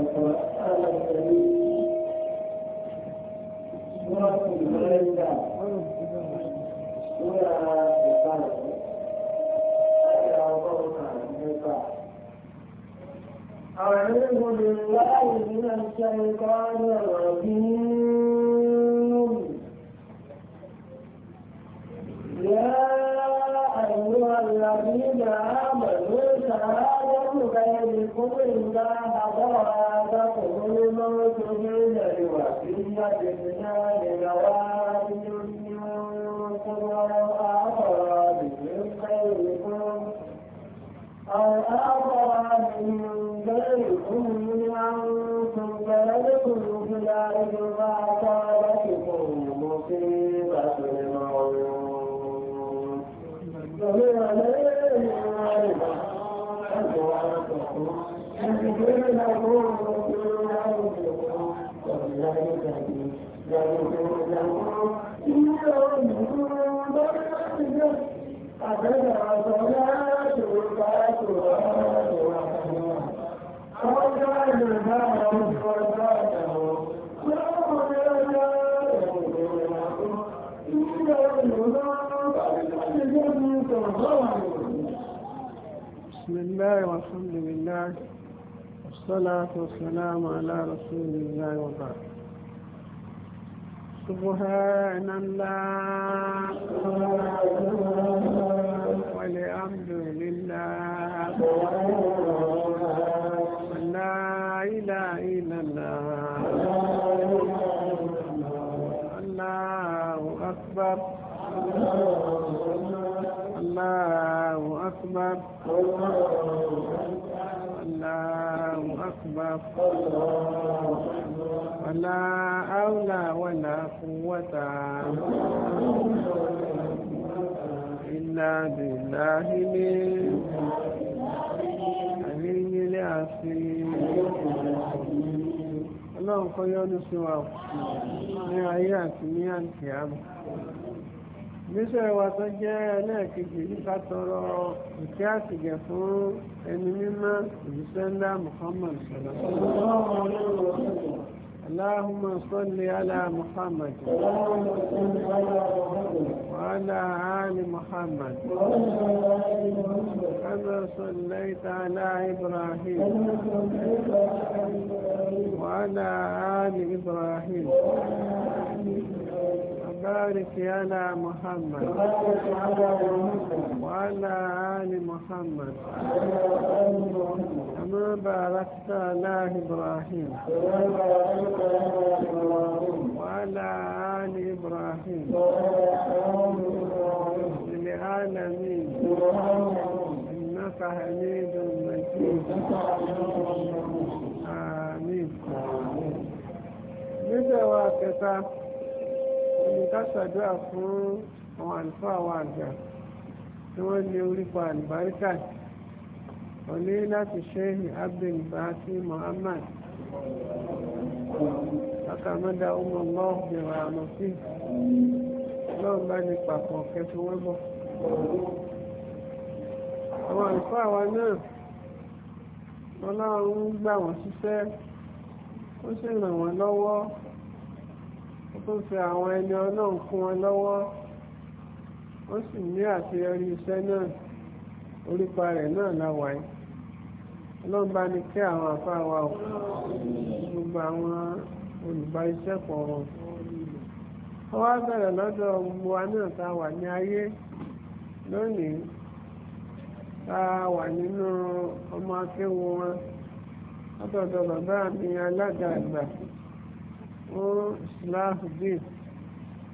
القرآن الكريم سورة المائدة سورة البقرة آية وضعها النقاء أعوذ بالله من الشيطان الرجيم إذا حضر أحدكم الموت حين الوصية اثنان ذوات من قرآن لله والصلاة والسلام على رسول الله وبعد سبحان الله والحمد لله لا إله إلا الله الله أكبر الله أكبر الله أكبر ولا أولى ولا قوة إلا بالله العلي العظيم ọlọ́run kọ́ yọ́nú sí wa ní ayé àti gbésẹ̀ wa tó jẹ́ ẹlẹ́ẹ̀kejì nípa tọrọ ìkẹ́ àtìgẹ̀ fún ẹni mímọ́ ìbísẹ́ńdà Muhammad اللهم صل على محمد وعلى آل محمد كما صليت على إبراهيم وعلى آل إبراهيم وبارك على محمد وعلى آل محمد كما باركت على إبراهيم وعلى آل إبراهيم للعالمين إنك حميد مجيد آمين بدواكتا ní ká a fún àwọn àlùfáà àwọn àgbà tí wọ́n lé orípa àlùbáríkà òní láti ṣẹ́hìn muhammad akamada ọmọọmọ bẹ̀rẹ̀ àmọ́sí lọ́wọ́n bá ní papọ̀ kẹfún wọn bọ̀ àwọn àlùfáà wa náà ọlọ́run gbà wọ́n ṣiṣẹ́ ó sì ràn wọ́n lọ́wọ́ ó fi àwọn ẹni ọlọ́run kún wọn lọ́wọ́ ó sì ní àṣeyọrí iṣẹ́ náà orípa rẹ̀ náà láwàáyé ọlọ́run bá ní kí àwọn àfa wa ò gbogbo àwọn olùbá iṣẹ́ pọ̀ wọn. ó wá bẹ̀rẹ̀ lọ́dọ̀ gbogbo wa náà tá a wà ní ayé lónìí tá a wà nínú ọmọ akéwò wọn lọ́dọ̀ọ̀dọ̀ bàbá mi alága àgbà fún islahudin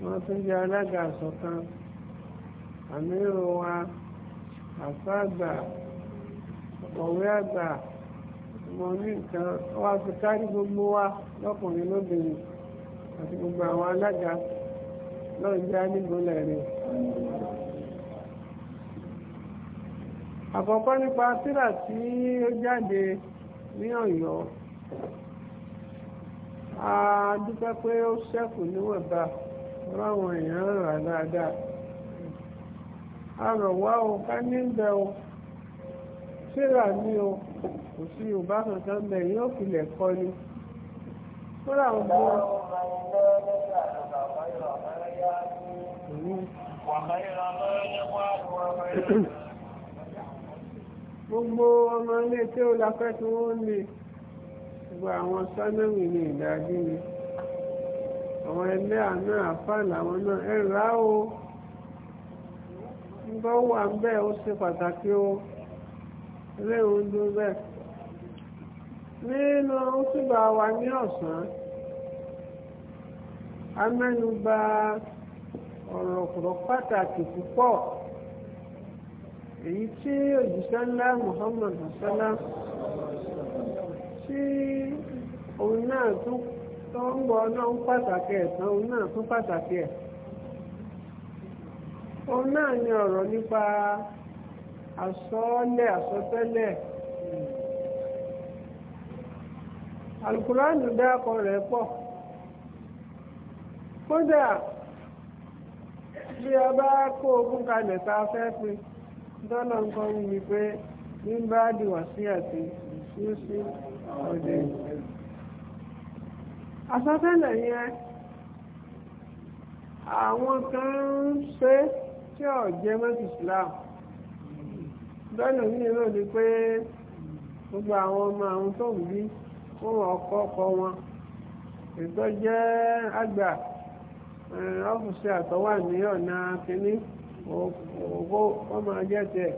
wọ́n tún jẹ́ alága àṣọ̀kan àmírò wa àfáàgbà ọ̀wé àgbà mo ní nǹkan wá fi kárí gbogbo wa lọ́kùnrin lóbìnrin àti gbogbo àwọn alága lọ́ọ̀ jẹ́ nígbòlẹ̀ rẹ̀. àkọ́kọ́ nípa tírà tí ó jáde ní ọ̀yọ́ a dúpẹ́ pé ó ṣẹ́kù níwọ̀nba ráwọn èèyàn rà dáadáa a rọ̀ wá o ká ní bẹ o síra ní o kò sí yorùbá kankan bẹ yóò filẹ̀ kọ́ ni fúnra ń bọ́. gbogbo ọmọ ilé tí ó la fẹ́ tí wọ́n ní. gbogbo àwọn sánẹ́mì ni ìdájí àwọn ẹlẹ́ àná àfà làwọn náà ẹ rà o nígbà ó wà ń bẹ́ẹ̀ ó ṣe pàtàkì o léwu ń bẹ́ẹ̀ nínú wa ní ọ̀sán a mẹ́nuba ọ̀rọ̀ ọ̀pọ̀ pàtàkì púpọ̀ tí ńlá sallam ṣé òun náà tún tó ń bọ náà ń pàtàkì ẹ̀sán òun náà tún pàtàkì ẹ̀ òun náà ni ọ̀rọ̀ nípa àsọọ́lẹ̀ àsọtẹ́lẹ̀ alukuraanu dákọ rẹ̀ pọ̀ kódà bí a bá kó ogún kalẹ̀ tá a fẹ́ pin dọ́là ń kọ́ wí pé ní bá dìwà sí àti àsọtẹ́lẹ̀ yẹn àwọn kan ń ṣe tí ò jẹ́ mọ́tì Islam lọ́nà yìí náà ni pé gbogbo àwọn ọmọ àwọn tó ń bí fún ọkọ ọkọ wọn ètò jẹ́ àgbà eh, ọ́fíìsì àtọ́wà ní ọ̀nà kínní òkú ọmọ ajẹ́ tiẹ̀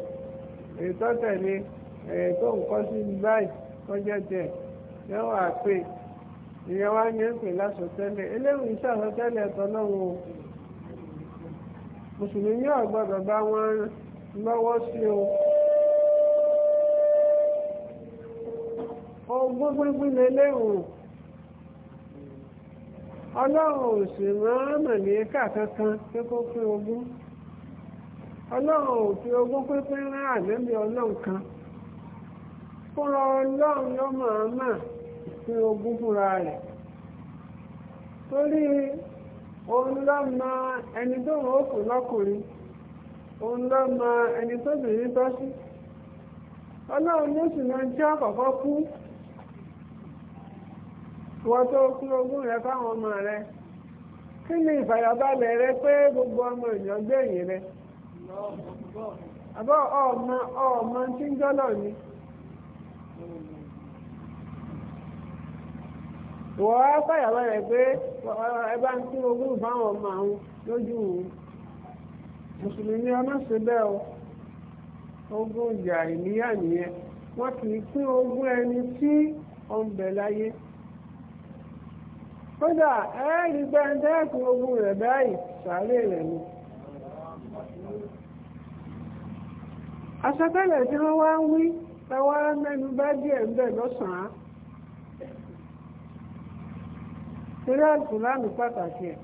ètò ètò nǹkan eh, sí báyìí. kọjá jẹ yẹn wà pé ìyẹn wá ní èpè lásọtẹ́lẹ̀ eléwìí sàsọtẹ́lẹ̀ tọlọ́run mùsùlùmí ọgbọ́dọ̀ bá wọn lọ́wọ́ sí o. ogún gbígbín lélẹ́wò ọlọ́run ò sì rán mọ̀lẹ́kà kankan pé kó pín ogún ọlọ́run ò fi ogún pínpín kan. fúnra ọlọ́run ló máa mà sí ogún fúnra rẹ̀ torí òun lọ mọ ẹni tó ń òkú lọ́kùnrin òun lọ mọ ẹni tó bìnrin tọ́ sí ọlọ́run ló sì máa jẹ́ àkọ́kọ́ kú wọ́n tó kú ogún ọmụ fáwọn ọmọ kí ni rẹ pé gbogbo ọmọ ènìyàn àbọ̀ ọmọ wọ́n á fàyàwọ́ rẹ̀ pé ń tún ogún ọmọ àwọn lójú òun mùsùlùmí ọmọ bẹ́ẹ̀ ogún ìjà ìníyà nìyẹn wọ́n kì pín ogún ẹni tí ọ ń bẹ̀ láyé kódà ẹ́ẹ̀rí gbẹ́ndẹ́ẹ̀kùn ogún rẹ̀ báyìí sàárè rẹ̀ ni tí wọ́n wá táwa mẹnu bá díẹ̀ ń bẹ̀ án torí àlùkùránì pàtàkì ẹ̀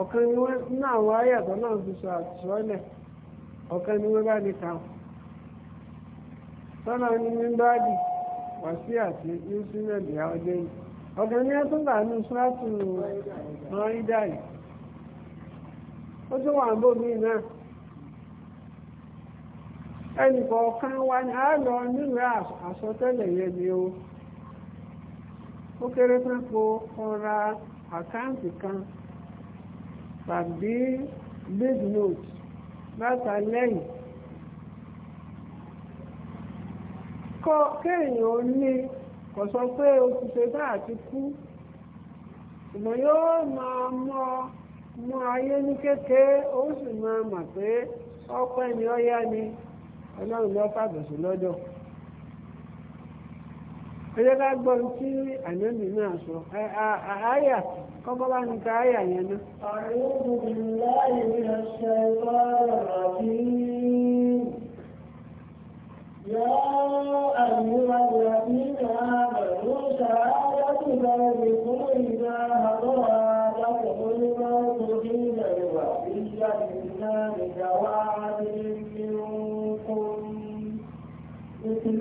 ọ̀kan ni wọ́n àwọn náà fi sọ àtìsọ́lẹ̀ ọ̀kan ni wọ́n bá ní kàwọn sọ́nà ní mímbádì wà sí àti ní sílẹ̀dì ọdẹ yìí ọ̀kan ní ẹnì kọ̀ọ̀kan wa ni a lọ nílùú àsọtẹ́lẹ̀ yẹn ni o ó kéré tán po ọ̀ra àkáǹtì kan tàbí big note látàlẹ́yìn kọ́ kéèyàn ó ní kò sọ pé o ti ṣe bá àti kú ṣùgbọ́n yóò máa mọ mọ ayé ní kékeré ó sì máa mà pé ọpẹ́ ni ó yá ni. ọlọ́run lọ́ fàgbọ̀sọ lọ́dọ̀ ẹjẹ́ bá gbọ́ tí ànábì náà sọ àáyà kọ́kọ́ bá ń ta àáyà yẹn náà. àrùn ìlàyé ẹ̀ṣẹ̀ bá rà bí. يا أيها الذين آمنوا سعادة بينكم إذا هضر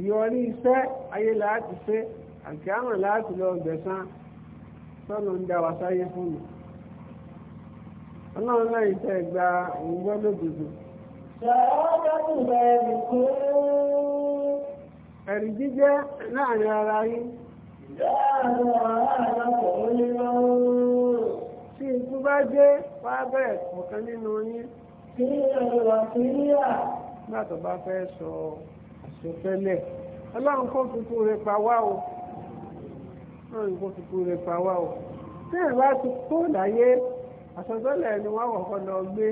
ìyọrí iṣẹ́ ayé láti ṣe àti àwọn láti lọ gbẹ̀sán tọ́nà ń dá wa sáyé fún mi ọlọ́run náà ìtẹ́ gba òun gbọ́ lódodo. ẹ̀rí jíjẹ́ láàrin ara yín. tí ikú bá dé wá bẹ̀rẹ̀ kọ̀ọ̀kan nínú yín. kí ni ẹ̀rọ àti níyà. nígbà bá fẹ́ sọ. So tó tẹ́lẹ̀ ọlọ́run kó fipú rẹ̀ pa o ọlọ́run kó fipú rẹ̀ pa o tí ẹ̀ bá ti kó láyé ni wọ́n kọ̀ọ̀kan lọ gbé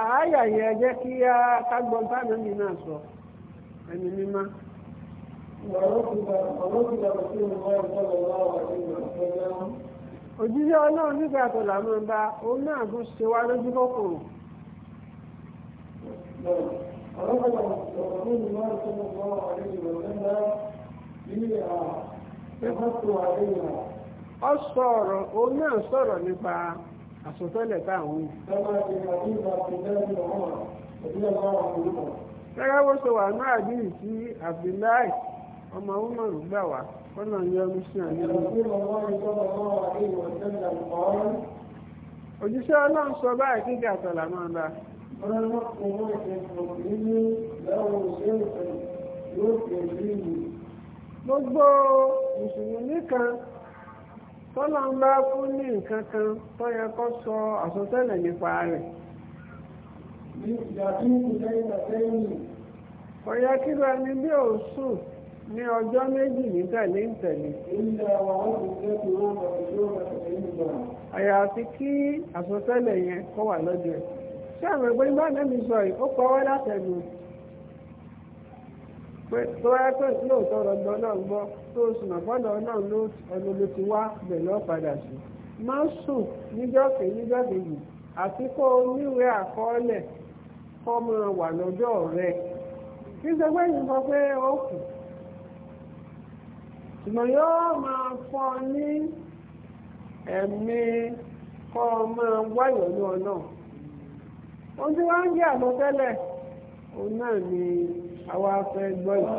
àáyà yẹn jẹ́ kí á kágbọ́n mi náà sọ ẹni mímá. ọlọ́run nígbà tó òun náà tún ṣe wá lójú kòkòrò. فرفض رسول الله صلى الله عليه وسلم بالتفت عليها ṣe wà ọmọ gbà wá sí ọlọ́run sọ báyìí ما نقوم بالمسلم gbogbo mùsùlùmí kan tọ́lá ń bá fún ní nǹkan kan tó yẹ kó sọ àsọtẹ́lẹ̀ nípa rẹ̀. kí bí ò sùn ní ọjọ́ méjì ní tẹ̀lé ń tẹ̀lé. àyàfi kí àsọtẹ́lẹ̀ yẹn wà ṣé àwọn ẹgbẹ́ nígbà náà mi sọ yìí ó pa wá látẹ̀gùn pé tó wáyé pé lóòótọ́ ọ̀dọ́ náà gbọ́ tó sùnà bọ́dọ̀ náà ló ẹnu ló ti wá bẹ̀rẹ̀ ọ̀padà sí má sùn níjọ́ kè níjọ́ kejì àti kó o níwèé àkọọ́lẹ̀ wà lọ́jọ́ kí ohun tí wọ́n ń jẹ́ àbọ̀tẹ́lẹ̀ òun náà ni àwa fẹ́ gbọ́ yìí.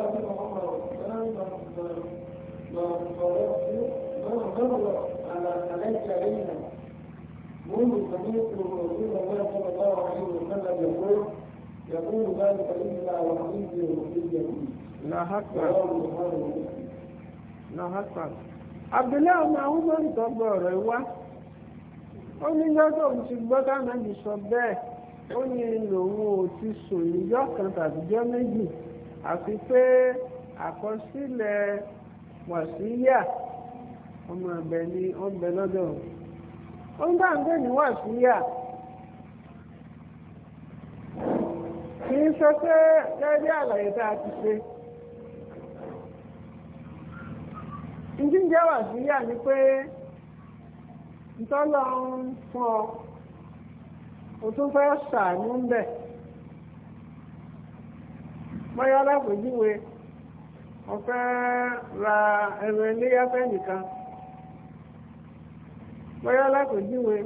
منذ سمعت abdullahi ọmọ àwọn ọmọ ìtọ́gbọ̀ wá ó ní lọ́dọ̀ ti gbọ́ káàmì sọ bẹ́ẹ̀ ó ní lòun ò ti sùn kan tàbí jọ́ méjì àfi pé àkọsílẹ̀ wàsíyà ọmọ ọbẹ̀ ni ó bẹ lọ́dọ̀ ó ń bá ń gbé ní wàsíyà kì í sọ pé àlàyé tá a ti ṣe wàsíyà ni pé ntọ́lọ́ ń fún o tún fẹ́ sàánú ń bẹ̀ bóyá alápèjúwe ọ̀fẹ́ ra ẹran iléyà fẹ́ nìkan bóyá alápèjúwe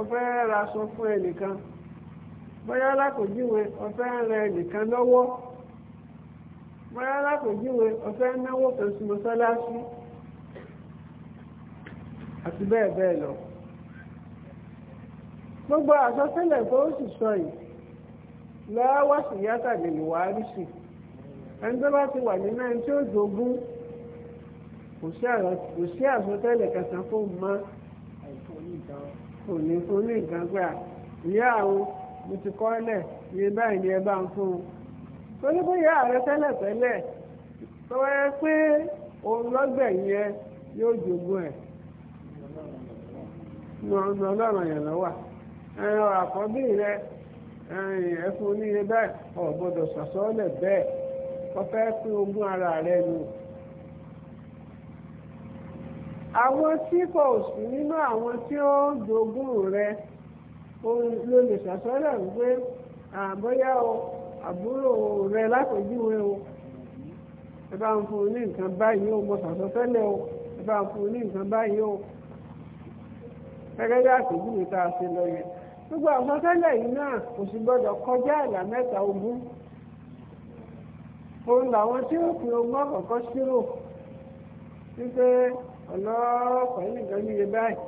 ọ̀fẹ́ ra aṣọ fún ẹnìkan bóyá alápèjúwe ọ̀fẹ́ rẹ ẹnìkan lọ́wọ́ bóyá alápèjúwe ọ̀fẹ́ náwó kan sí mọ́sálásí àti bẹ́ẹ̀ bẹ́ẹ̀ lọ. gbogbo àsọsílẹ̀ tó sì sọ yìí lọ́wọ́ sí yátàdé ìwà àríṣì ẹni tó bá ti wà nínú ẹni tí ó jogún kò sí àsọtẹ́lẹ̀ kẹsàn-án fún mọ́ kò ní fún ní nǹkan ìyá àwọn mo ti kọ́ lẹ̀ iye báyìí ni ẹ bá ń fún un torí pé ìyá rẹ tẹ́lẹ̀ tẹ́lẹ̀ tó wáyé pé òun lọ́gbẹ̀ yẹn yóò jogún ẹ̀ ní ọ̀nà ọlọ́run yẹn lọ́wọ́. ẹ̀rọ àkọ́bí rẹ ẹ̀fún oníire bẹ́ẹ̀ ò gbọ́dọ̀ sàsọ́ọ́lẹ̀ bẹ́ẹ̀ wọ́n fẹ́ pín ogún ara rẹ nù. àwọn tí kò sí nínú àwọn tí ó jogún rẹ ló lè sàsọ́ọ́lẹ̀ wípé àbóyá o àbúrò rẹ lápèjúwe o ẹ bá ń fún un ní nǹkan báyìí o mo sàsọ́tẹ́lẹ̀ o ẹ bá ń fún un ní nǹkan báyìí o gẹ́gẹ́ bí àpèjúwe tá a ṣe lọ yẹn. gbogbo àwọn tẹ́lẹ̀ yìí náà kò sì gbọdọ̀ kọjá ìlà mẹ́ta ogún òun làwọn tí ó pin ogún àkọ́kọ́ sírò wípé ọlọ́ọ̀pọ̀ nìkan níye báyìí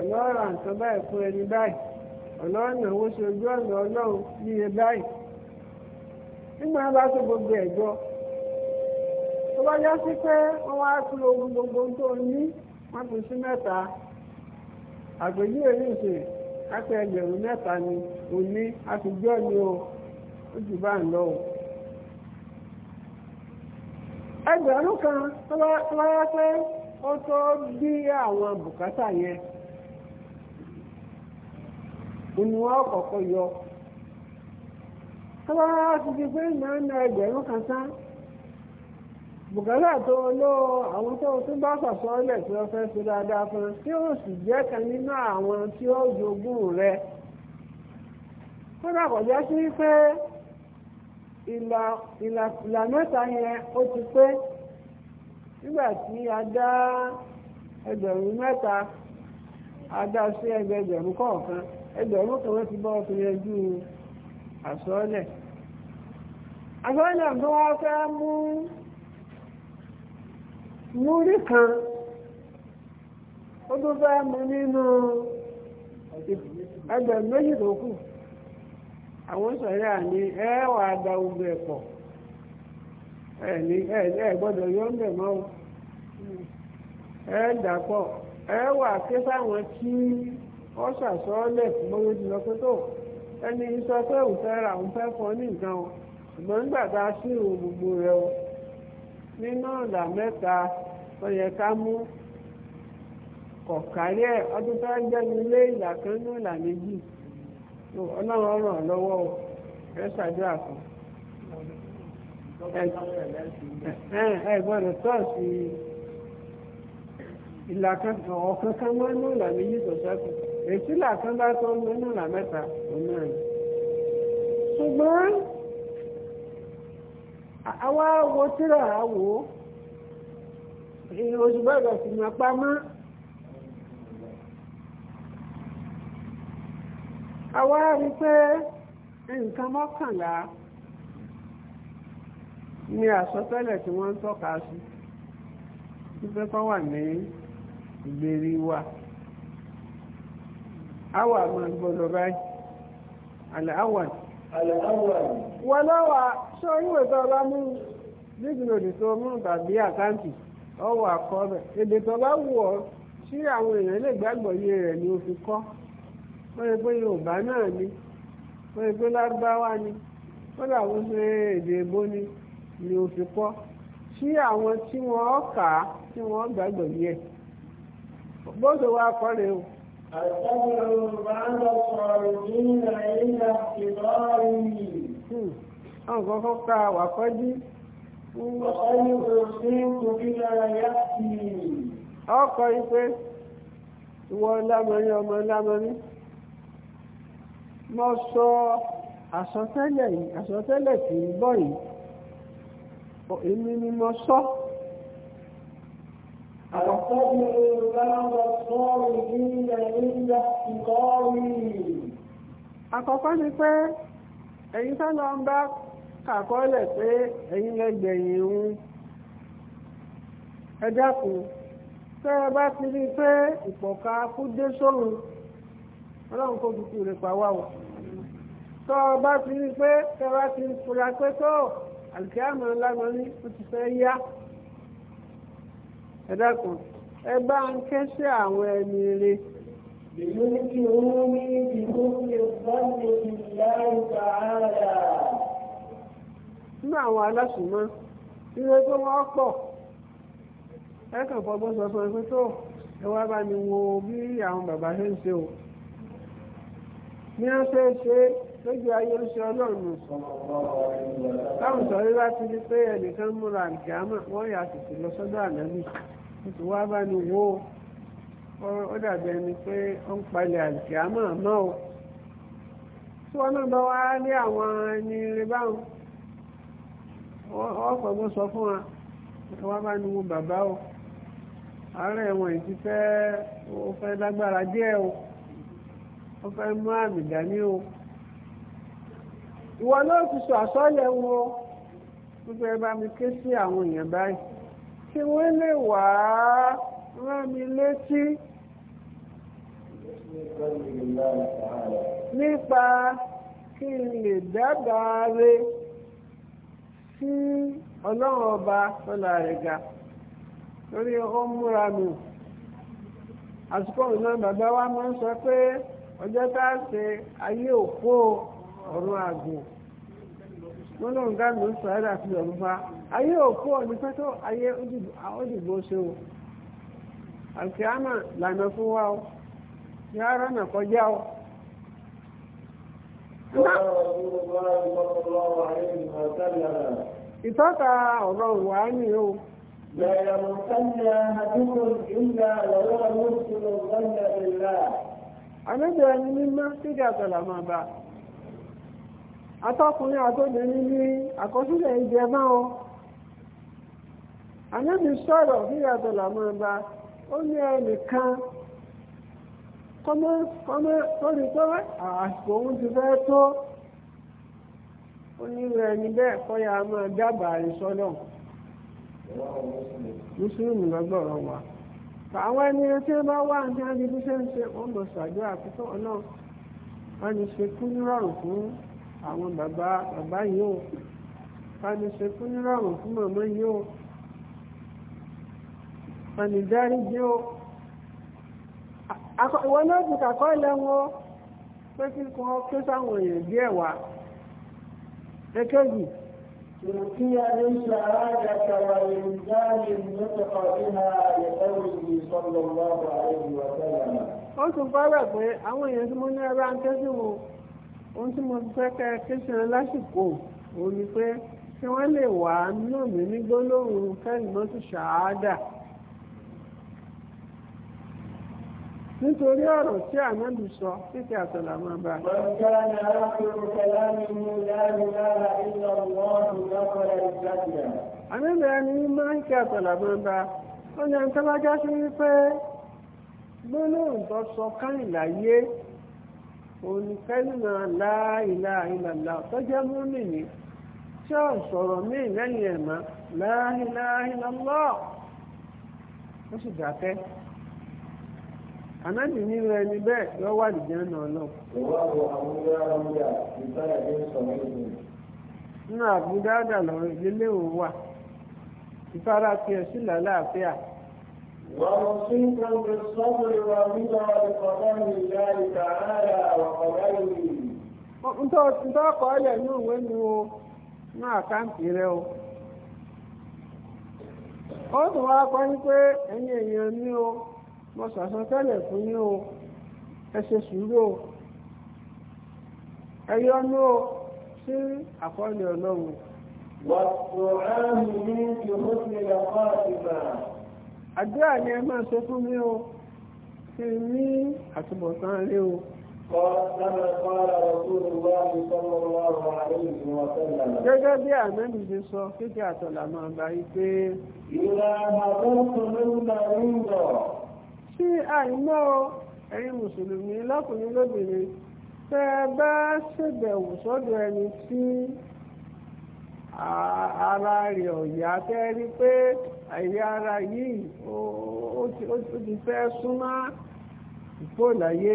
ọlọ́ọ̀rọ̀ àǹkan báyìí fún ẹni báyìí ọlọ́ọ̀nà owó ṣe ojú ọ̀nà ọlọ́run níye báyìí nígbà bá tó gbogbo tó bá yá sí pé wọ́n wá gbogbo tó ápẹ́ ẹgbẹ̀rún mẹ́ta ni òní àtijọ́ ni o ó bá ń lọ ẹgbẹ̀rún kan tó pé ó tó bí àwọn bùkátà yẹn yọ ẹgbẹ̀rún kan sáà. bùkátà tó ló àwọn tó tún bá sàsọ́ọ́lẹ̀ tí wọ́n fẹ́ ṣe dáadáa fún tí ó sì jẹ́ kan nínú àwọn tí ó jogún rẹ̀ kódà kọjá sí pé ìlà yẹn ó ti pé nígbà a dá ẹgbẹ̀rún mẹ́ta a dá sí ẹgbẹ̀rún kọ̀ọ̀kan ẹgbẹ̀rún kan wọ́n ti bọ́ fi yanjú àsọ́ọ́lẹ̀ àsọ́ọ́lẹ̀ tó fẹ́ múrí kan ó tó bá mú nínú ẹgbẹ̀rún méjì tó kù àwọn sọ̀rọ̀ àní ẹ̀wà àgbà ogun ẹ̀pọ̀ ẹ̀ní ẹ̀ gbọ́dọ̀ yọ ń bẹ̀ mọ́ o ẹ̀ dàpọ̀ ké fáwọn tí ó pé tó ẹni sọ pé òun fẹ́ ra òun fẹ́ ní nǹkan nígbà sí ìwò nínú ọ̀nà mẹ́ta tó yẹ ká mú ọ̀kárí ẹ̀ ọdún tó ń jẹ́nu ilé ìlà kan ní ìlà méjì ọlọ́run ràn lọ́wọ́ ẹ ṣàdúrà fún ẹ gbọ́dọ̀ ìlà kan ọ̀kan kan mọ́ ní méjì àwa wo tíra àwò ìrìn oṣù gbọ́dọ̀ sì ma pamọ́ àwa rí pé nǹkan mọ́kànlá ni àsọtẹ́lẹ̀ tí wọ́n ń tọ́ka sí wípé kọ́ wà ní ìgbèrí wa àwa ma gbọ́dọ̀ báyìí àlẹ́ àwa. sọ ìwé tó bá mú dígínòdì tó mú tàbí àkáǹtì ọwọ́ àkọọ́bẹ̀ èdè tó bá wù ọ́ sí àwọn èèyàn lè gbàgbọ́ iye rẹ̀ ni o fi kọ́ wọ́n pé Yorùbá náà ni wọ́n pé Lárúbáwá ni wọ́n ni ni o fi kọ́ sí àwọn tí wọ́n kà á tí wọ́n gbàgbọ́ iye kọ́ o. àtàwọn Yorùbá ń lọ sọ̀rọ̀ nínú nǹkan kan ká wà kọjú. ọkọ̀ ipe ìwọ lámọ̀rí ọmọ lámọ̀rí mo sọ àsọtẹ́lẹ̀ yìí àsọtẹ́lẹ̀ tí ń bọ̀ yìí èmi ni mo sọ. Àtọ́jú ìrìnlẹ́wọ̀ sọ́ọ̀rì ilẹ̀ ilẹ̀ ìkọ́rí. Àkọ́kọ́ ni pé èyí tó lọ ń bá kàkọ́lẹ̀ pé ẹ̀yin lẹ́gbẹ̀yìn òun ẹ dákun tẹ́ ẹ bá ti rí i pé ìpọ̀ka kú dé sóhun ọlọ́run kò tutù rẹ̀ pàwá o tọ́ ọ bá ti rí i pé tẹ́ ẹ bá ti fura pé tó àlùkí àmọ́ ńlágbọ́n ní ó ti fẹ́ yá ẹ dákun ẹ bá ń ké sí àwọn ẹni rẹ̀. Bèlú ní kí oorun mi ti kó fi ọ̀gbọ́n mi láì sàárà nínú àwọn aláṣùmọ́ nínú pé wọ́n pọ̀ ẹ̀kàn fọgbọ́n sọ fún ẹgbẹ́ tó ẹ bá ní wo bí àwọn bàbá ṣe ń ṣe o ní wọ́n ṣe é ṣe lójú ayé ń ṣe ọlọ́run táwọn sọ rí láti rí pé ẹnìkan múra àlìkàmà wọ́n yà tètè lọ sọ́dọ̀ ànábì tètè wá bá ní wo ó dàbí ẹni pé ó ń palẹ̀ àlìkàmà mọ́ o tí wọ́n náà bá wá lé àwọn ẹni rẹ báwọn ọ̀pọ̀gbọ́ sọ fún wa wá bá ní wo bàbá o ààrẹ ẹ̀wọ̀n ìtí fẹ́ o fẹ́ lágbára díẹ̀ o ó fẹ́ mú àmì dání o ìwọ náà ti sọ àsọ́lẹ̀ wọn o gbogbo ẹ bá mi ké sí àwọn èèyàn báyìí kí wọ́n lè wà á mi létí nípa kí n lè dábàá rẹ̀. tí ọlọ́run ọba sọ́là rẹ̀ ga lórí ó múra nù àsìkò náà bàbá wa máa ń sọ pé ọjọ́ tá a ṣe ayé òpó ọ̀run àgbò wọ́n lọ́run dáàbò ń sọ ẹ́dà sí ọ̀run fa ayé ṣe o àti àmà lànà ìtọ́ka ọ̀rọ̀ wà ní o. Bẹ̀rẹ̀ mọ̀ sánà àdúgbò ìlà lọ́wọ́ lóṣùlọ sánà ìlà. Àlejò ẹni mímọ́ sígá àtàlà máa bá. Atọ́kùnrin àtọ́bìnrin ní àkọsílẹ̀ ìjẹ máa a Àlejò sọ̀rọ̀ sígá àtàlà máa bá. Ó ní ẹnìkan kọ́mọ́ kọ́mọ́ kọ́ni pé àsìkò òun ti fẹ́ tó ó ní bẹ́ẹ̀ kọ́ya máa dábàá ìsọ́nà mùsùlùmí lọ́gbọ̀rọ̀ wa àwọn ẹni tí ó bá wà ní ṣe ń ṣe wọ́n lọ ṣàjọ àkókò náà wọ́n ní ṣe kú nírọ̀rùn fún àwọn bàbá bàbá yìí ó wọ́n ní ṣe kú nírọ̀rùn fún màmá yìí wọ́n ní dárí o. ìwọ náà ti kàkọ́ ilẹ̀ wọn pé kí kan ké sáwọn èèyàn díẹ̀ wá èkejì. تركيا ليس عادة ولإنسان نطق بها لقوله صلى الله عليه وسلم. ó tún fọ́rọ̀ pé àwọn èèyàn tí mo ní ara ń tẹ́sí wo ohun tí mo fẹ́ kẹ́ kéṣan lásìkò òun ni pé kí wọ́n lè wà nínú mi ní gbólóhùn kẹ́yìn mọ́tò nítorí ọ̀rọ̀ tí ànábì sọ títí àtọ̀là máa bá. ànábì ẹni máa ń kí àtọ̀là máa bá ó ní ẹni tó bá já sí wípé gbólóhùn tó sọ káyìnlá yé oníkẹ́lìmọ̀ láìlà ìlàlá tó jẹ́ múmi tí ó sọ̀rọ̀ míì lẹ́yìn ẹ̀mọ́ láìlà ìlàlá ànábì nínú ẹni bẹ́ẹ̀ yọ wà ní jẹ́nà ọlọ́run. ìwádìí àwọn nínú àbúdá dà ìdílé òun wà ìfara fi ẹ̀ sí làlàáfíà. ntọ́ ọkọ̀ ọ̀lẹ̀ ní òwe ni o ní àkáǹtì rẹ o ó sì wá kọ́ pé èèyàn ní o mo sàsọtẹ́lẹ̀ fún yín o ẹ ṣe sùúrù o ẹ yọ́nú o sí àkọọ́lẹ̀ ọlọ́run. Àdúrà ni ẹ máa ṣe fún mi o, kí n ní àtúbọ̀tán rí o. Gẹ́gẹ́ bí àmẹ́lì ṣe sọ, kíkẹ́ àtọ̀là máa bá yí pé. Ìlànà tó ń sọ lórí ń bọ̀ sí àìmọ́ ẹ̀yin mùsùlùmí lọ́kùnrin lóbìnrin tẹ́ ẹ bá ṣèbẹ̀wò sọ́dọ̀ ẹni tí ara rẹ̀ ọ̀yà tẹ́ rí pé àyè ara yìí ó ti fẹ́ súnmọ́ ìfòlàyé.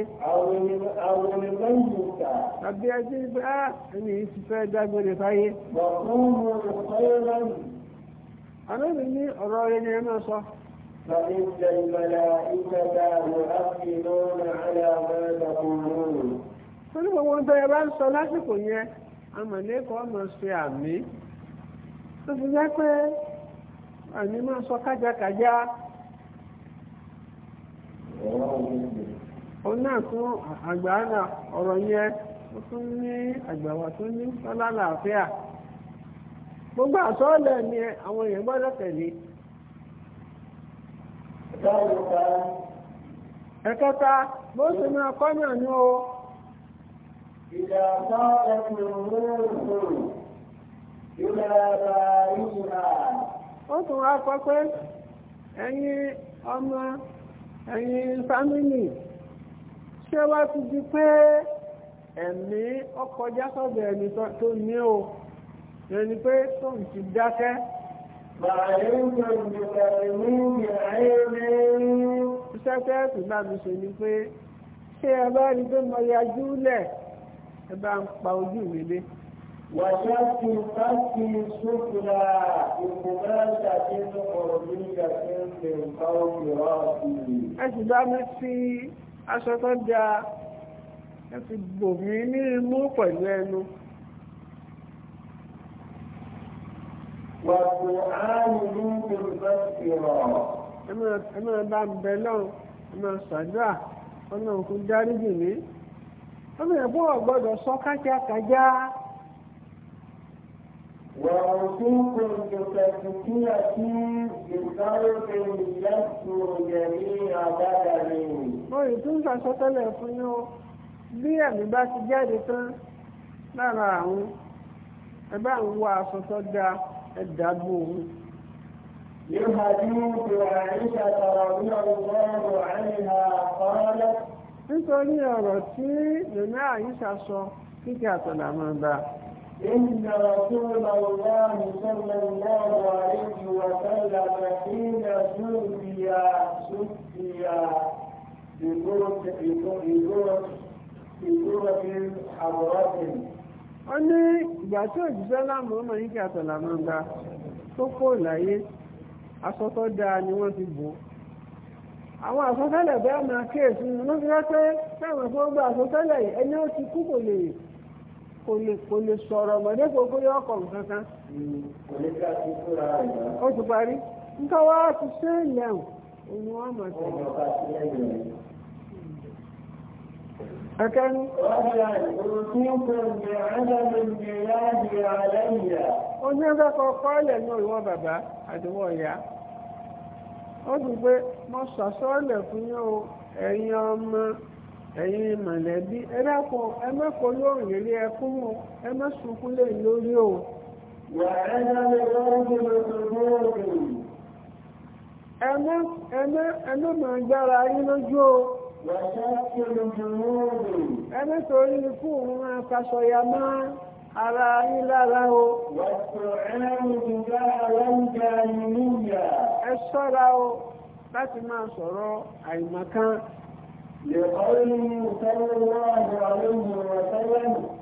àwọn ẹgbẹ́ ìlú kà. tàbí ẹjẹ́ pé á ẹni yìí ti fẹ́ dágbére fáyé. wọ́n mú ọ̀rọ̀ fáyé lánàá. àlọ́ mi ní ọ̀rọ̀ ẹni ẹ máa sọ. فإن الملائكة يؤكدون على ما تقولون torí gbogbo ohun tó yẹ bá ń sọ lásìkò yẹn amọ̀lẹ́kọ̀ọ́ ọmọ ṣe àmì jẹ́ pé àmì máa sọ náà tún ọ̀rọ̀ yẹn ó tún ní àgbàwà tó ní làáfíà gbogbo àsọ́ọ̀lẹ̀ ni àwọn èèyàn gbọ́dọ̀ ẹ̀kẹta bó ṣe máa kọ́yàn ní o ẹ̀kùn ó tún wá pé ọmọ fámílì wá ti di pé ẹ̀mí ẹni tó ní o ẹni Iṣẹ́ tẹ́ẹ̀tù bá mi ṣe ni pé ṣé ẹ bá rí pé mo yajú lẹ̀ ẹ bá ń pa ojú mi lé. Wàṣẹ́ ti sáàkì ṣókùnà ìfòmọ́lá tí ó kọ̀rọ̀ ní ìgbàṣẹ́ ń lè bá òkè wá òkè. Ẹ sì bá mi fi aṣọ tó dáa, ẹ fi bò mí ní imú pẹ̀lú ẹnu. والقرآن منك مفسرا أما بام بلون أما صدع أما كنت داري جميل ọmọ ẹ̀bùn ọ̀gbọ́dọ̀ sọ kájá kájá. wọ́n tún kún tuntun tuntun àti ìsáré lẹ́sùn yẹ̀mí àbára rẹ̀. mo rí tún sàsọtẹ́lẹ̀ fún yín o bí ẹ̀mí bá ti jáde tán lára àwọn ẹ bá ń aṣọ tó dáa. الدابون من حديث عائشة رضي الله عنها قالت nítorí ọ̀rọ̀ tí lèmi àyíṣà sọ kíkẹ́ àtọ̀là máa bá. إن رسول الله صلى الله عليه وسلم حين سُقِيَ سُقِيَ بذرة حمراء. ó ní ìgbà tí òjíṣẹ́ láàmú ọmọ yìí kí àtọ̀là máa gba tó kó ìláyé asọ́tọ́ dáa ni wọ́n ti bò àwọn àsọtẹ́lẹ̀ bẹ́ẹ̀ máa kíyèsí ni fi rẹ́pẹ́ táwọn tó ẹni ó ti kú kò lè sọ̀rọ̀ mọ̀dé kò yọ ọkọ̀ nǹkan أكن Oní ẹgbẹ́ kan kọ́ọ̀lẹ̀ ní òwò bàbá àdúgbò ìyá. Ó dùn pé mo ṣàṣọ́ọ̀lẹ̀ fún yóò ẹ̀yin ọmọ ẹ̀yin mọ̀lẹ́bí. Ẹ dákun ẹ mẹ́kọ̀ọ́ lórí ẹkún o, ẹ lè lórí o. Ẹ mẹ́ máa gbára yín lójú o ẹ nítorí ikú òun máa faṣọ ya mọ́ ara yín lára o. ẹ ṣọ́ra o láti máa sọ̀rọ̀ àìmọ̀kan.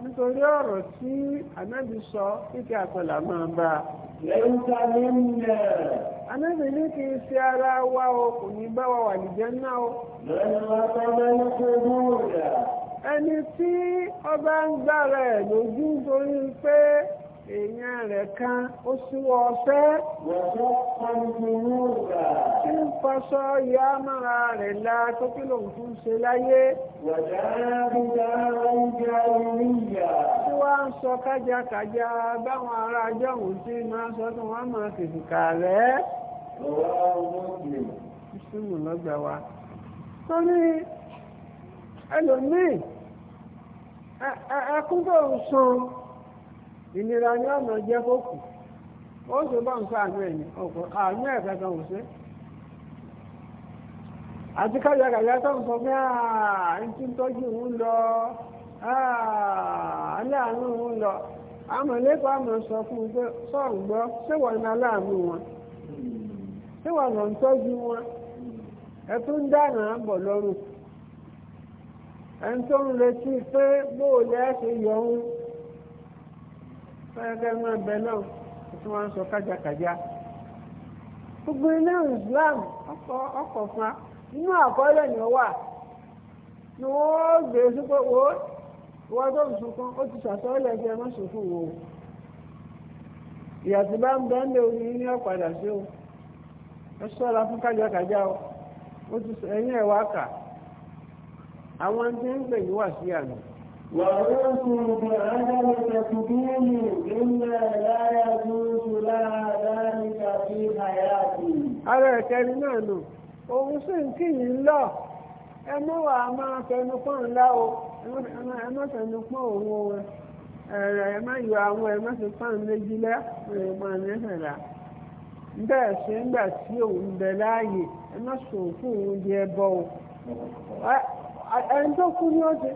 Nítorí ọ̀rọ̀ tí Ànábì sọ kíkẹ́ àkọlà máa bá. Lẹ́yìnká ní ilẹ̀. Ànábì ní kí n ṣe ara wá o, kò ní bá wa wà nìjẹ́ náà o. Ẹni tí ọba ń gbára ẹ̀ lójú torí pé èèyàn rẹ̀ kan ó síwọ́ ọ̀fẹ́ tí ń faṣọ ìyá mara rẹ̀ la tó kí lòun tún ṣe láyé tí wọ́n ń sọ kájàkájà báwọn ará ajọ́ òun tí máa sọ tí wọ́n máa kìkìkà rẹ̀ ìṣúnmù lọ́gbà wa torí ẹlòmíì ẹkún tó ń sun ìnira ni ọ̀nà jẹ́ fókù ó sì bọ́ nǹkan àánú ẹ̀ ní ọkọ̀ àánú ẹ̀ ò sí. àti kájàkàjà tó ń sọ pé àà ń tí ń lọ aláàánú òun lọ sọ fún un pé sọ́ọ̀n gbọ́ síwọ̀ ní aláàánú wọn síwọ̀ lọ ń tọ́jú wọn ń dáná bọ̀ lọ́rùn ẹni tó ń retí yọ fẹ́rẹ́fẹ́ máa bẹ náà tí wọ́n ń sọ kájàkájà gbogbo iná Islam ọkọ̀ fún wa inú àkọọ́lẹ̀ ni ó wà ni wọ́n gbé e sípò wò ó wọ́n tó ń sunkún ó ti ṣàtọ́ọ́lẹ̀ ẹgbẹ́ má sunkún wò ó ìyàtí bá ń bẹ́ ń lé omi ní ọ̀padà sí o ẹ ṣọ́ra fún kájàkájà o ó ti ẹ̀yìn ẹ̀ wá kà àwọn tí ń gbè yín wà sí àná. وأوصوا بعدم تكبير مما òun sì ń kí yìí lọ ẹ mú wa máa fẹnu pọ́n ńlá o ẹ pọ́n òun o ẹ má yọ àwọn ẹ má fi pọ́n méjì lẹ́ ẹ bẹ́ẹ̀ sí tí òun bẹ láàyè ẹ má òun di o tó kú ní ọ̀sẹ̀.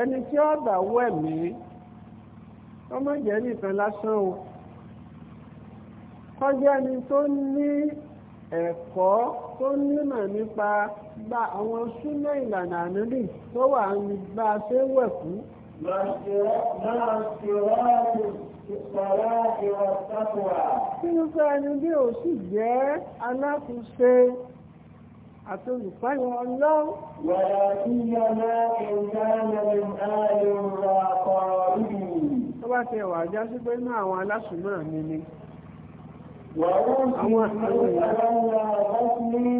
ẹni tí ó bá wẹ̀ mí ọmọ jẹ́ nìkan lásán o kọjá ẹni tó ní ẹ̀kọ́ tó nímọ̀ nípa gba àwọn súnmọ́ ìlànà ànábì tó wà ní bá a ṣe ń wẹ̀kú. Kí ló fẹ́ ẹni bí ò sì jẹ́ alákùúṣe àti olùpáyọ̀ ọlọ́run. Wàrà sí ọmọ ìdánilẹ́yìn ayọ̀rọ̀ àkọ́rí. Tó bá ti wà já sí pé inú àwọn alásùnmọ́ mi ni. Wàrún sí ìgbàlọ́wọ́ ọ̀gbọ́n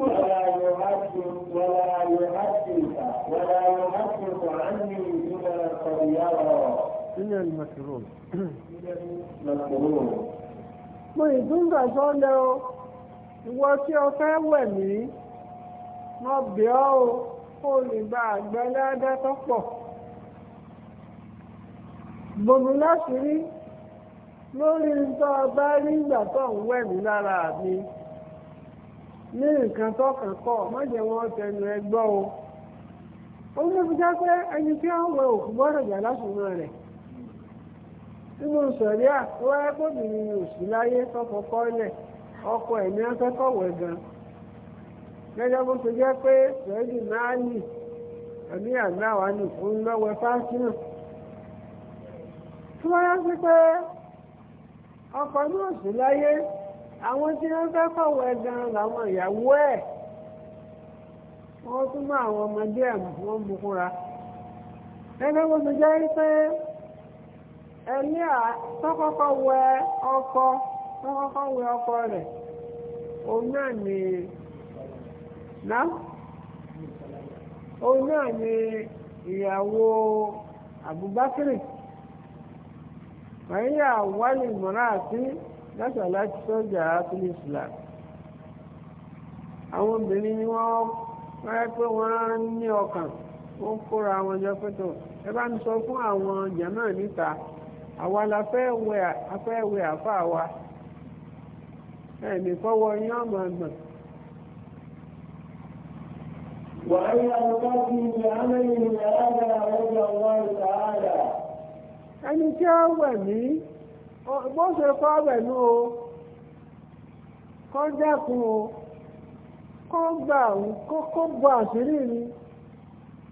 ولا يحدث ولا من المكروه مكروه mo wẹ̀ mí mo bẹ̀ ọ́ o kó lè gba àgbẹ̀ ládá tó pọ̀ bòmí láti rí lórí rí ìgbà tó ń wẹ̀ mí lára mi. ní nǹkan tó kàn pọ̀ wọn tẹnu o ó ní fi já pé ẹni tí ó ń wẹ òkú jà lásùnmọ́ rẹ̀ nínú sọ̀rí àkọ́wé òsì láyé kọ́lẹ̀ ẹ̀mí wẹ̀ gan gẹ́gẹ́ bó ṣe jẹ́ pé sẹ́ẹ̀dì máa ń ẹ̀mí àgbà wà ní òun lọ́wọ́ àwọn tí wọ́n fẹ́ kọ̀wé gan làwọn ìyàwó ẹ̀ wọ́n tún mọ́ àwọn ọmọdé ẹ̀mù wọ́n mú ẹgbẹ́ wọn jẹ́ pé ẹ̀mí à tọ́kọ́kọ́ wẹ ọkọ tọ́kọ́kọ́ wẹ ọkọ rẹ̀ òun náà ni ná òun náà ni ìyàwó Abubakar àwọn ìmọ̀ràn àti dáṣà láti sọ́jà ápìlì islam àwọn obìnrin ni wọ́n rẹ́ pé wọ́n ní ọkàn wọ́n kóra wọn jọ pẹ́tọ̀ ẹ bá ń sọ fún àwọn jàmá níta àwa la fẹ́ wẹ àfa wa ẹ̀mí fọwọ́ yín ọmọ ọgbọ̀n. وأن القاسم بعمله هذا رضي الله تعالى. أنا جاوبني bó ṣe kọ́ pẹ̀lú o kọ́ dẹ́kun o kó gbà kó bọ àṣírí mi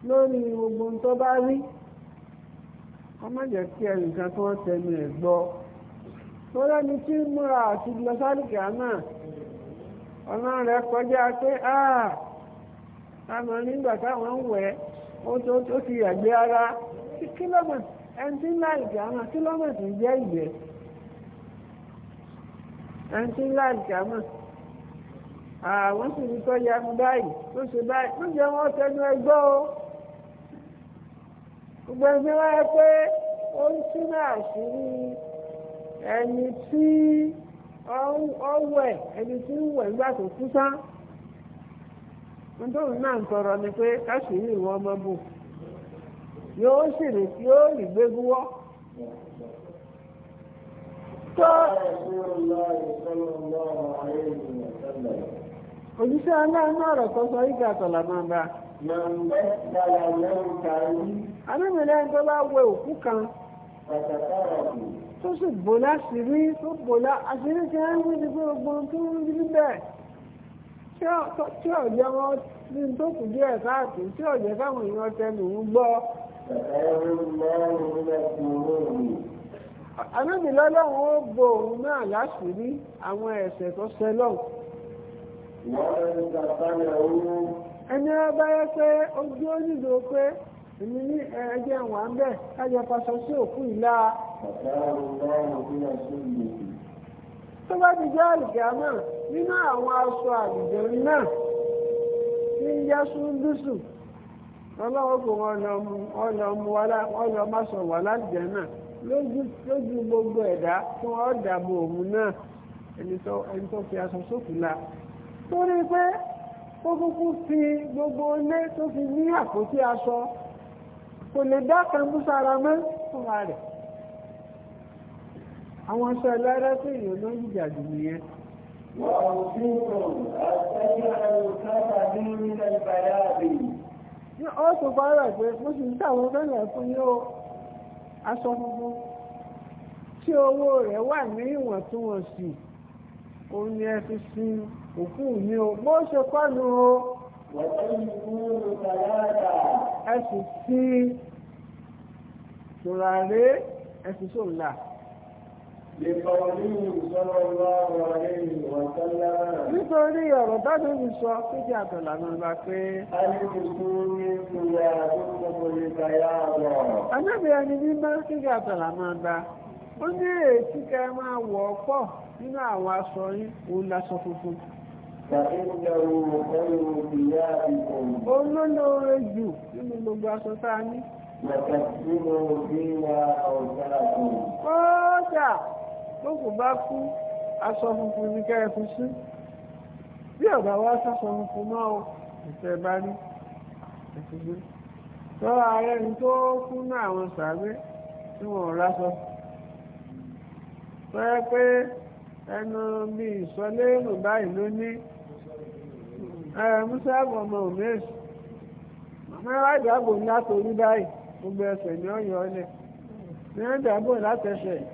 lórí gbogbo tó bá rí kọ́ jẹ́ kí ẹnìkan tó tẹnu ẹ̀ gbọ́ tọ́lá ni tí múra àti lọ́sálìkì àmà ọ̀nà rẹ̀ kọjá pé àà àmọ́ nígbà táwọn ń wẹ̀ ó ti yàgbé ara ẹni tí jẹ́ ìgbẹ́. àǹtí láàjámọ̀ àwọn sì ní tó yanu báyìí tó ṣe báyìí tó jẹ́ wọ́n tẹnu ẹgbọ́ o gbogbo ẹni wáyé pé ó ń túnú àṣírí ẹni tí ó wẹ̀ ẹni tí ń wẹ̀ nígbà tó kú tán nítorí náà ń tọrọ ni pé káṣírí ìwọ ọmọ bò yóò sì rí yóò rí gbégúwọ́. Òjíṣẹ́ aláìní ọ̀rọ̀ kan sọ ìgbà àtọ̀là máa bá. Àdúgbìnrin ẹni tó bá wẹ òkú kan. Tó sì bò láṣìírí tó bò láṣìírí tí wọ́n ń gbé ní gbogbo tó ń rí bẹ́ẹ̀. Tí ọ̀jẹ́ wọn ní tó kù díẹ̀ káàtó tí ọ̀jẹ́ káwọn èèyàn tẹnu ń gbọ́. Ṣàkàrà ń lọ́rùn lẹ́kùnrin ànábì lọ́lọ́run ó bo òun náà láṣìírí àwọn ẹ̀ṣẹ̀ tó ṣe lọ́hùn. ẹni ọba yẹ pé ojú ó nílò pé èmi ní ẹjẹ wà ń bẹ kájọ paṣọ sí òkú ìlà. tó bá ti jẹ́ àlùjámọ̀ nínú àwọn aṣọ àlùjẹ̀rin náà ní yásùn dúsùn ọlọ́wọ́gbọ̀n ọlọ́mọṣọ wà lájẹ́ náà lójú gbogbo ẹ̀dá tí wọ́n dàbò òun náà ẹni tó fi aṣọ sófìlà torí pé ó kúkú fi gbogbo ilé tó fi ní àpótí aṣọ kò lè dá kàmbú sára mọ́ fúnra rẹ̀ àwọn aṣọ ẹlẹ́rẹ́ tó èèyàn náà yíjà jù nìyẹn. wọ́n ò sí ó tó bá rẹ̀ pé mo sì ń tàwọn fún yín aṣọ funfun tí owó rẹ̀ wà ní ìwọ̀ntúnwọ̀nsì òun ni ẹ fi òkú mi o bó ṣe kọ́nu o ẹ sí tùràrí ẹ sóòlà. Nítorí ọ̀rọ̀ dájú ti sọ péjì àtọ̀là mi bá pé. Ànábì ẹni bí bá péjì àtọ̀là máa gba. Ó ní èsì ká máa wọ̀ ọ́ nínú àwọn aṣọ yín òun láṣọ funfun. Òun ló lóore jù nínú gbogbo aṣọ tá a ní. Ó tó kù bá kú aṣọ funfun ní ká ẹ fi sí bí ọ̀gá wa sọ̀sọ̀ funfun náà ìfẹ́ bá ní ìfúgbé tọ́ra ààrẹ ní tó kú ní àwọn sàgbé tí wọ́n rásọ pẹ́ pé ẹnu bí ìsọlé èrò báyìí ló ní musa ọmọ omeṣu mẹ́wàá ìdábò ńlá torí báyìí gbogbo ẹsẹ̀ ni ó yọ ọ́ lẹ̀ ní ẹ̀dàbò látẹsẹ̀ yìí.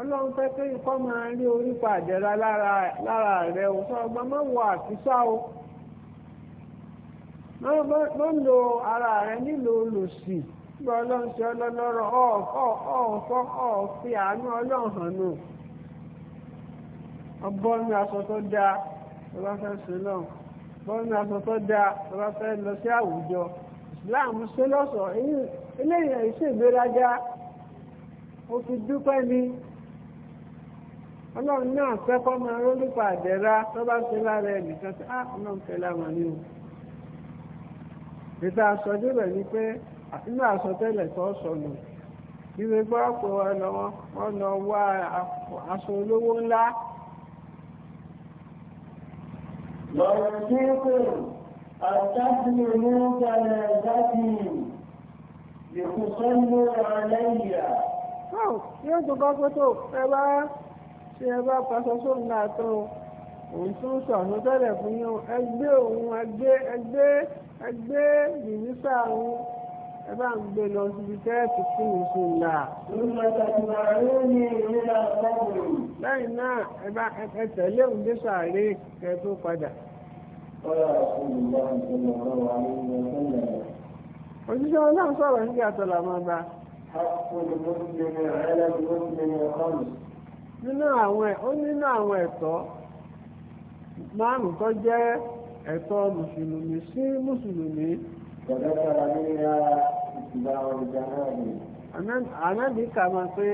ọlọ́run fẹ́ pé ikọ́ máa rí orí pàdéra lára rẹ o sọ ọgbọ́n má wọ àfisá o má ń lo ara rẹ nílò olùsì bí ọlọ́run ṣe ọlọ́lọ́rọ̀ ọ̀ọ̀fọ́ ọ̀ọ̀fi àánú ọlọ́run hàn nù ọbọ́nu aṣọ tó dáa tó bá fẹ́ sí náà bọ́nu aṣọ tó dáa tó bá fẹ́ lọ sí àwùjọ Islam ṣe lọ́sọ̀ọ́ eléyìí ṣègbéraga ó fi dúpẹ́ ni ọlọ́run náà fẹ́kọ́ máa rólùpà àdẹ́rá tó bá ṣe lára ẹnìkan sí ah, ọlọ́run fẹ́ láwọn ní o ìta àsọjú rẹ̀ ni pé inú àsọtẹ́lẹ̀ tó sọnù ìwé gbọ́ pé wọ́n lọ wá aṣọ olówó ńlá. lọ́rọ̀ tí kò àtàkùn ìlú kalẹ̀ dákì ìkùsọ́nù àlẹ́ ìyá. yóò tó bá pẹ́ tó ẹ bá tí ẹ bá paṣọ sóun náà tó òun tún sọ̀rọ̀ tẹ́lẹ̀ fún yín ẹgbẹ́ òun ẹgbẹ́ ẹgbẹ́ ẹgbẹ́ mínísà òun ẹ bá ń gbé lọ síbi tẹ́ẹ̀tì fún ìṣòwò là. lẹ́yìn náà ẹ bá ẹ tẹ̀lé òun dé sàárè kẹ́ tó padà. òṣìṣẹ́ ọlọ́run sọ̀rọ̀ nígbà tó làmọ́ bá nínú àwọn ó nínú àwọn ẹ̀tọ́ márùn-ún tó jẹ́ ẹ̀tọ́ mùsùlùmí sí mùsùlùmí. Ọ̀dọ́kọ̀lá máa pé ká òkú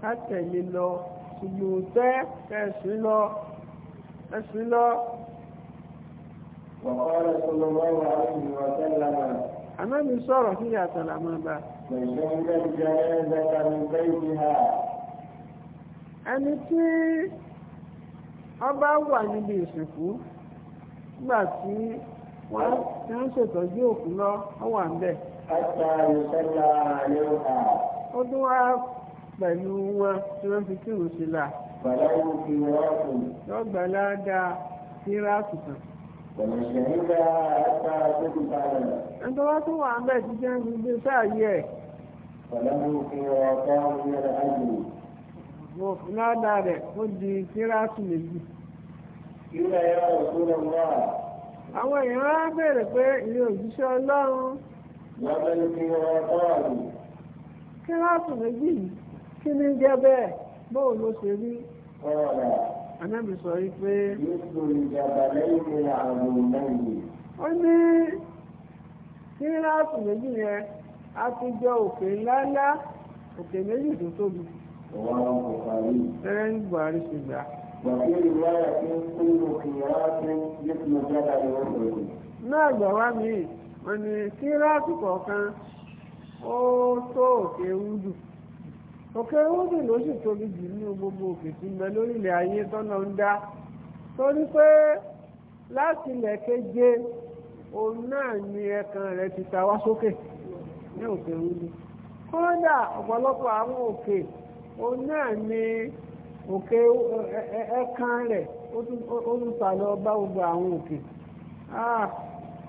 ká tẹ̀lé lọ ṣùgbọ́n tẹ́ kẹsùn lọ ẹsùn lọ. Wàhálà sọ̀rọ̀ wá wà ní ìwà tẹ́lámà. Ànábì sọ̀rọ̀ sí ìyàtọ̀ làmọ́ bá. من شهد الجنازة من بيتها ẹni tí ọba wà níbi ìsìnkú nígbà tí wọ́n ti ń ṣètọ́jú òkú lọ ọ wà ń bẹ̀. ọ̀sà ìṣẹ́lá ó tún wá pẹ̀lú wọn tí wọ́n fi kírun sí la. bàbá yóò fi wọ́n kù. lọ́gbàlá dáa kíráàsì kan. Ẹjọ́ wá tún wà ń bẹ̀ jíjẹ́ ń gbé sáàyé ẹ̀. Mo ládà rẹ̀ ó di kíráàsì méjì. Àwọn èèyàn á bèèrè pé ilé òjíṣẹ́ Ọlọ́run. Kíráàsì méjì kí ní jẹ́ bẹ́ẹ̀ bóòlù ó ṣe rí. Ọ̀rọ̀ anábì sọ wípé ó ní síráàpù méjì yẹn a ti jọ òkè ńláńlá òkè méjì tó tóbi tẹ́rẹ́ ń buhari ṣe gbà. náà gbà wá mi wọ́n ní síráàpù kọ̀ọ̀kan ó tó òkè wúdù. oke rúbì ló sì tóbi jù nínú gbogbo òkè tí ń lórílẹ̀ ayé tọ́nà ń dá torí pé keje òun náà ni ẹ̀kan rẹ̀ ti ta wá sókè ní òkè rúbì kódà ọ̀pọ̀lọpọ̀ àwọn òkè òun náà ni òkè ẹ̀kan rẹ̀ ó tún ta lọ bá gbogbo àwọn ah,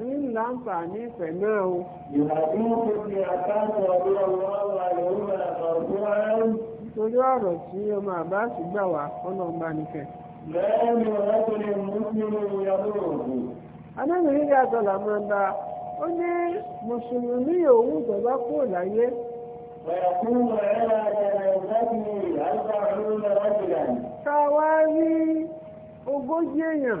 ń láǹfààní ìfẹ́ náà o. ìràdúró ti àkáǹtì ọdún ọlọ́wọ́ àyẹ̀wò àkọ́kọ́ ẹ̀rù. nítorí ọ̀rọ̀ tí ọmọ àbá sì gbà wá ọlọ́run bá nìkẹ́. lẹ́yìn ọ̀rẹ́kùnrin mùsùlùmí ìyàwó òògùn. anábìrin ní àtọ̀là máa ń bá ó ní mùsùlùmí òun ìjọba kú láyé. ká wá rí ogójì èèyàn.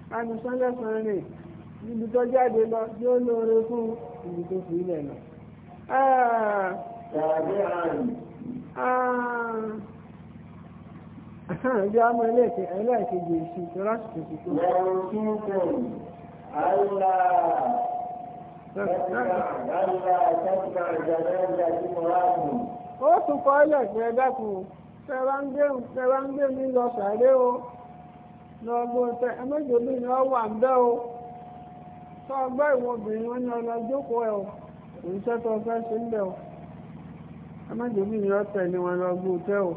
alùsánlẹ̀sán rìn níbi tó jáde lọ yóò lóore fún ibi tó fi ilẹ̀ lọ. Ìjọ ọmọ ẹlẹ́ẹ̀kẹ́ ẹlẹ́ẹ̀kejì èsì tó lásìkò sí tó. Lẹ́rù tí ń tẹ̀ àìlà àìlà tẹ́kìkà ìjọba ẹgbẹ́ tí mo rà mù. Ó tún kọ́ ilẹ̀ pé ẹ ń gbé mi lọ sàáré o. lọ́gbọ́n tẹ ẹ méjì obìnrin ọ o tó ọgbẹ́ ìwọ obìnrin wọn ní ọlọ jókòó ẹ o òun ṣe tó fẹ́ ṣe ń bẹ̀ o ẹ méjì obìnrin ọ tẹ̀lé wọn lọ́gbọ́n tẹ o.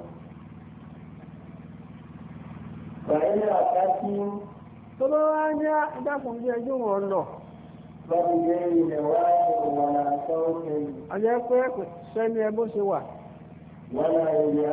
bàálẹ̀ àtàkì. tó bá wá ní ẹjọ́ wọn lọ. ilẹ̀ wá ìwà ọjọ́ pé sẹ́ni ẹ bó ṣe wà. wọ́n yẹ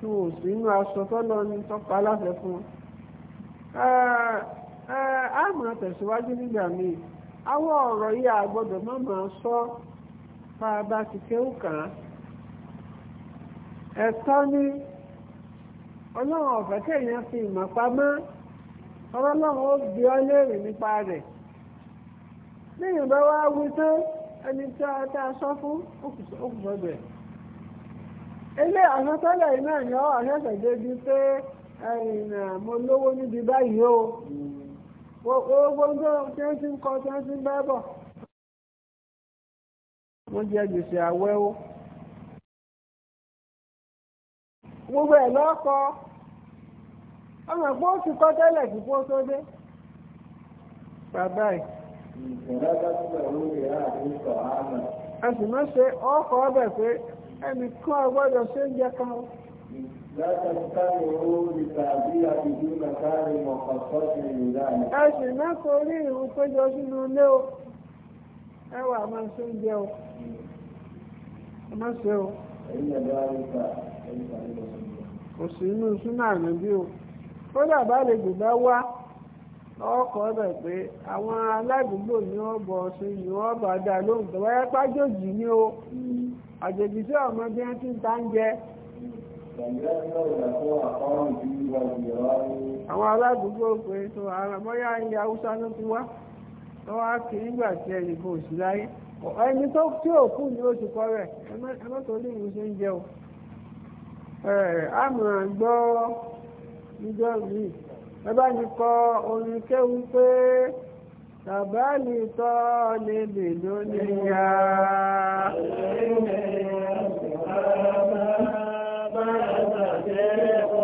tí wọn ò sí inú aṣọ tọ́lọ ní tọ́pa aláfẹ́ fún wọn. a máa tẹ̀síwájú nígbà míì àwọn ọ̀rọ̀ yìí a gbọ́dọ̀ má máa sọ tá a bá ti kéwù kàn án. ẹ̀tọ́ ni ọlọ́run ọ̀fẹ́ kéèyàn fi ìmọ̀ pamọ́ ọlọ́run ó gbé ọ léèrè nípa rẹ̀. lẹ́yìn bá wá wí tán ẹni tí a sọ fún ó kù ilé àwọn sọ́lẹ̀ iná ni ọ́ na débi pé mo lówó níbi báyìí o gbogbo tí ó ti ń kọ tí ó ti ń bẹ́ bọ̀ mo jẹ gbèsè àwẹ́ o gbogbo ẹ̀ lọ́kọ ọmọ pé ó ti kọ́ tẹ́lẹ̀ kí kó tó dé bàbá ẹ̀ a sì ṣe ọkọ̀ ọbẹ̀ pé ẹnì kan ọgbọ́dọ̀ ṣe ń jẹ kan. Láti sáré owó nípa bí àbíjú kàkà rẹ̀ mọ̀ kọ̀ọ̀kan sí ìlú náà. Ẹ̀sìn náà kò rí ìrùn péjọ sínú ilé o. Ẹ wà máa ṣe ń jẹ o. Ẹ má ṣe o. Ẹ̀yin ẹ̀dá rí ta Kò sí o. lè wá pé ni ni bá dá lóhùn tó wáyé àjèjì ọmọ bí wọ́n ń ta ń àwọn aládùúgbò pé tó ara bọ́yá ilẹ̀ haúsá ló ti wá tó wá kí nígbà tí ẹnìkan sí láyé ẹni tó tí ò kú ní oṣù kọ rẹ̀ ṣe a gbọ́ mi kọ orin kéwu pé. Tàbálì tọ́ níbi lóníyà. Ìrìnlẹ̀ ọ̀sán bá bá bá bá